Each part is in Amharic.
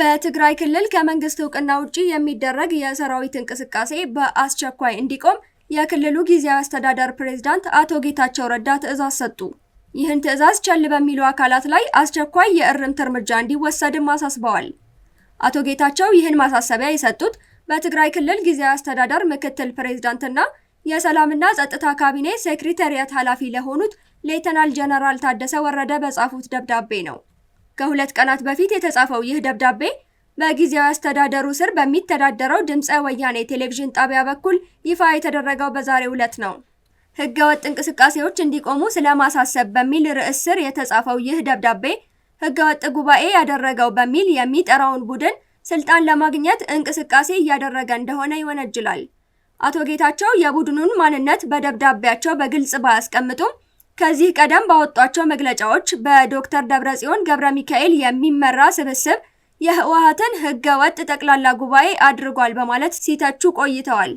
በትግራይ ክልል ከመንግስት እውቅና ውጪ የሚደረግ የሰራዊት እንቅስቃሴ በአስቸኳይ እንዲቆም የክልሉ ጊዜያዊ አስተዳደር ፕሬዝዳንት አቶ ጌታቸው ረዳ ትዕዛዝ ሰጡ። ይህን ትዕዛዝ ቸል በሚሉ አካላት ላይ አስቸኳይ የእርምት እርምጃ እንዲወሰድም አሳስበዋል። አቶ ጌታቸው ይህን ማሳሰቢያ የሰጡት በትግራይ ክልል ጊዜያዊ አስተዳደር ምክትል ፕሬዝዳንትና የሰላምና ጸጥታ ካቢኔ ሴክሬታሪያት ኃላፊ ለሆኑት ሌተናል ጀነራል ታደሰ ወረደ በጻፉት ደብዳቤ ነው። ከሁለት ቀናት በፊት የተጻፈው ይህ ደብዳቤ በጊዜያዊ አስተዳደሩ ስር በሚተዳደረው ድምፀ ወያኔ ቴሌቪዥን ጣቢያ በኩል ይፋ የተደረገው በዛሬው ዕለት ነው። ህገወጥ እንቅስቃሴዎች እንዲቆሙ ስለማሳሰብ በሚል ርዕስ ስር የተጻፈው ይህ ደብዳቤ ህገወጥ ጉባኤ ያደረገው በሚል የሚጠራውን ቡድን ስልጣን ለማግኘት እንቅስቃሴ እያደረገ እንደሆነ ይወነጅላል። አቶ ጌታቸው የቡድኑን ማንነት በደብዳቤያቸው በግልጽ ባያስቀምጡም ከዚህ ቀደም ባወጧቸው መግለጫዎች በዶክተር ደብረጽዮን ገብረ ሚካኤል የሚመራ ስብስብ የህወሓትን ህገ ወጥ ጠቅላላ ጉባኤ አድርጓል በማለት ሲተቹ ቆይተዋል።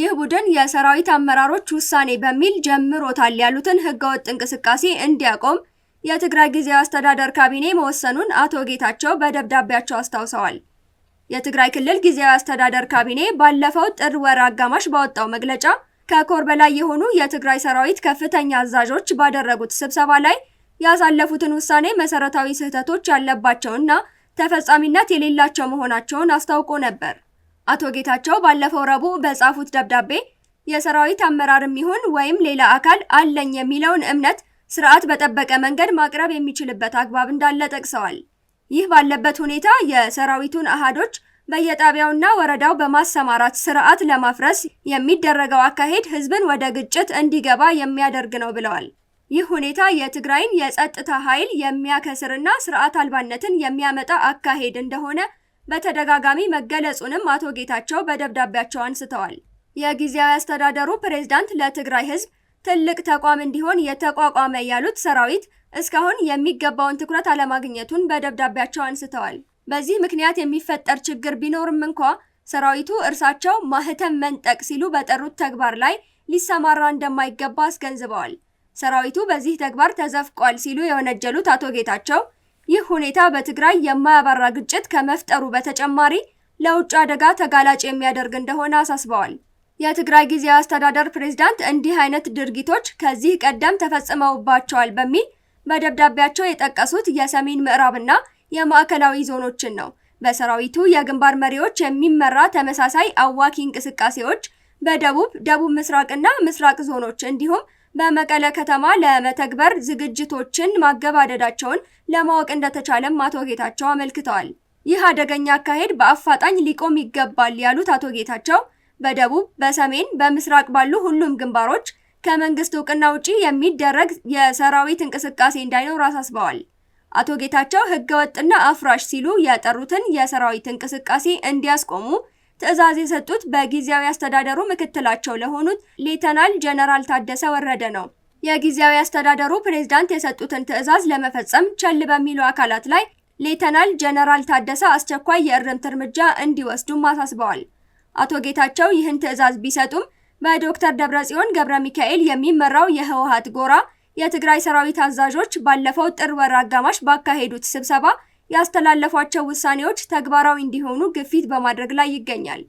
ይህ ቡድን የሰራዊት አመራሮች ውሳኔ በሚል ጀምሮታል ያሉትን ህገ ወጥ እንቅስቃሴ እንዲያቆም የትግራይ ጊዜያዊ አስተዳደር ካቢኔ መወሰኑን አቶ ጌታቸው በደብዳቤያቸው አስታውሰዋል። የትግራይ ክልል ጊዜያዊ አስተዳደር ካቢኔ ባለፈው ጥር ወር አጋማሽ ባወጣው መግለጫ ከኮር በላይ የሆኑ የትግራይ ሰራዊት ከፍተኛ አዛዦች ባደረጉት ስብሰባ ላይ ያሳለፉትን ውሳኔ መሰረታዊ ስህተቶች ያለባቸውና ተፈጻሚነት የሌላቸው መሆናቸውን አስታውቆ ነበር። አቶ ጌታቸው ባለፈው ረቡዕ በጻፉት ደብዳቤ የሰራዊት አመራርም ይሁን ወይም ሌላ አካል አለኝ የሚለውን እምነት ስርዓት በጠበቀ መንገድ ማቅረብ የሚችልበት አግባብ እንዳለ ጠቅሰዋል። ይህ ባለበት ሁኔታ የሰራዊቱን አሃዶች በየጣቢያውና ወረዳው በማሰማራት ስርዓት ለማፍረስ የሚደረገው አካሄድ ህዝብን ወደ ግጭት እንዲገባ የሚያደርግ ነው ብለዋል። ይህ ሁኔታ የትግራይን የጸጥታ ኃይል የሚያከስርና ስርዓት አልባነትን የሚያመጣ አካሄድ እንደሆነ በተደጋጋሚ መገለጹንም አቶ ጌታቸው በደብዳቤያቸው አንስተዋል። የጊዜያዊ አስተዳደሩ ፕሬዝዳንት ለትግራይ ህዝብ ትልቅ ተቋም እንዲሆን የተቋቋመ ያሉት ሰራዊት እስካሁን የሚገባውን ትኩረት አለማግኘቱን በደብዳቤያቸው አንስተዋል። በዚህ ምክንያት የሚፈጠር ችግር ቢኖርም እንኳ ሰራዊቱ እርሳቸው ማህተም መንጠቅ ሲሉ በጠሩት ተግባር ላይ ሊሰማራ እንደማይገባ አስገንዝበዋል። ሰራዊቱ በዚህ ተግባር ተዘፍቋል ሲሉ የወነጀሉት አቶ ጌታቸው ይህ ሁኔታ በትግራይ የማያባራ ግጭት ከመፍጠሩ በተጨማሪ ለውጭ አደጋ ተጋላጭ የሚያደርግ እንደሆነ አሳስበዋል። የትግራይ ጊዜያዊ አስተዳደር ፕሬዝዳንት እንዲህ አይነት ድርጊቶች ከዚህ ቀደም ተፈጽመውባቸዋል በሚል በደብዳቤያቸው የጠቀሱት የሰሜን ምዕራብና የማዕከላዊ ዞኖችን ነው። በሰራዊቱ የግንባር መሪዎች የሚመራ ተመሳሳይ አዋኪ እንቅስቃሴዎች በደቡብ፣ ደቡብ ምስራቅና ምስራቅ ዞኖች እንዲሁም በመቀለ ከተማ ለመተግበር ዝግጅቶችን ማገባደዳቸውን ለማወቅ እንደተቻለም አቶ ጌታቸው አመልክተዋል። ይህ አደገኛ አካሄድ በአፋጣኝ ሊቆም ይገባል ያሉት አቶ ጌታቸው በደቡብ፣ በሰሜን፣ በምስራቅ ባሉ ሁሉም ግንባሮች ከመንግስት እውቅና ውጪ የሚደረግ የሰራዊት እንቅስቃሴ እንዳይኖር አሳስበዋል። አቶ ጌታቸው ህገወጥና አፍራሽ ሲሉ የጠሩትን የሰራዊት እንቅስቃሴ እንዲያስቆሙ ትዕዛዝ የሰጡት በጊዜያዊ አስተዳደሩ ምክትላቸው ለሆኑት ሌተናል ጀነራል ታደሰ ወረደ ነው። የጊዜያዊ አስተዳደሩ ፕሬዝዳንት የሰጡትን ትዕዛዝ ለመፈጸም ቸል በሚሉ አካላት ላይ ሌተናል ጀነራል ታደሰ አስቸኳይ የእርምት እርምጃ እንዲወስዱም አሳስበዋል። አቶ ጌታቸው ይህን ትዕዛዝ ቢሰጡም በዶክተር ደብረጽዮን ገብረ ሚካኤል የሚመራው የህወሓት ጎራ የትግራይ ሰራዊት አዛዦች ባለፈው ጥር ወር አጋማሽ ባካሄዱት ስብሰባ ያስተላለፏቸው ውሳኔዎች ተግባራዊ እንዲሆኑ ግፊት በማድረግ ላይ ይገኛል።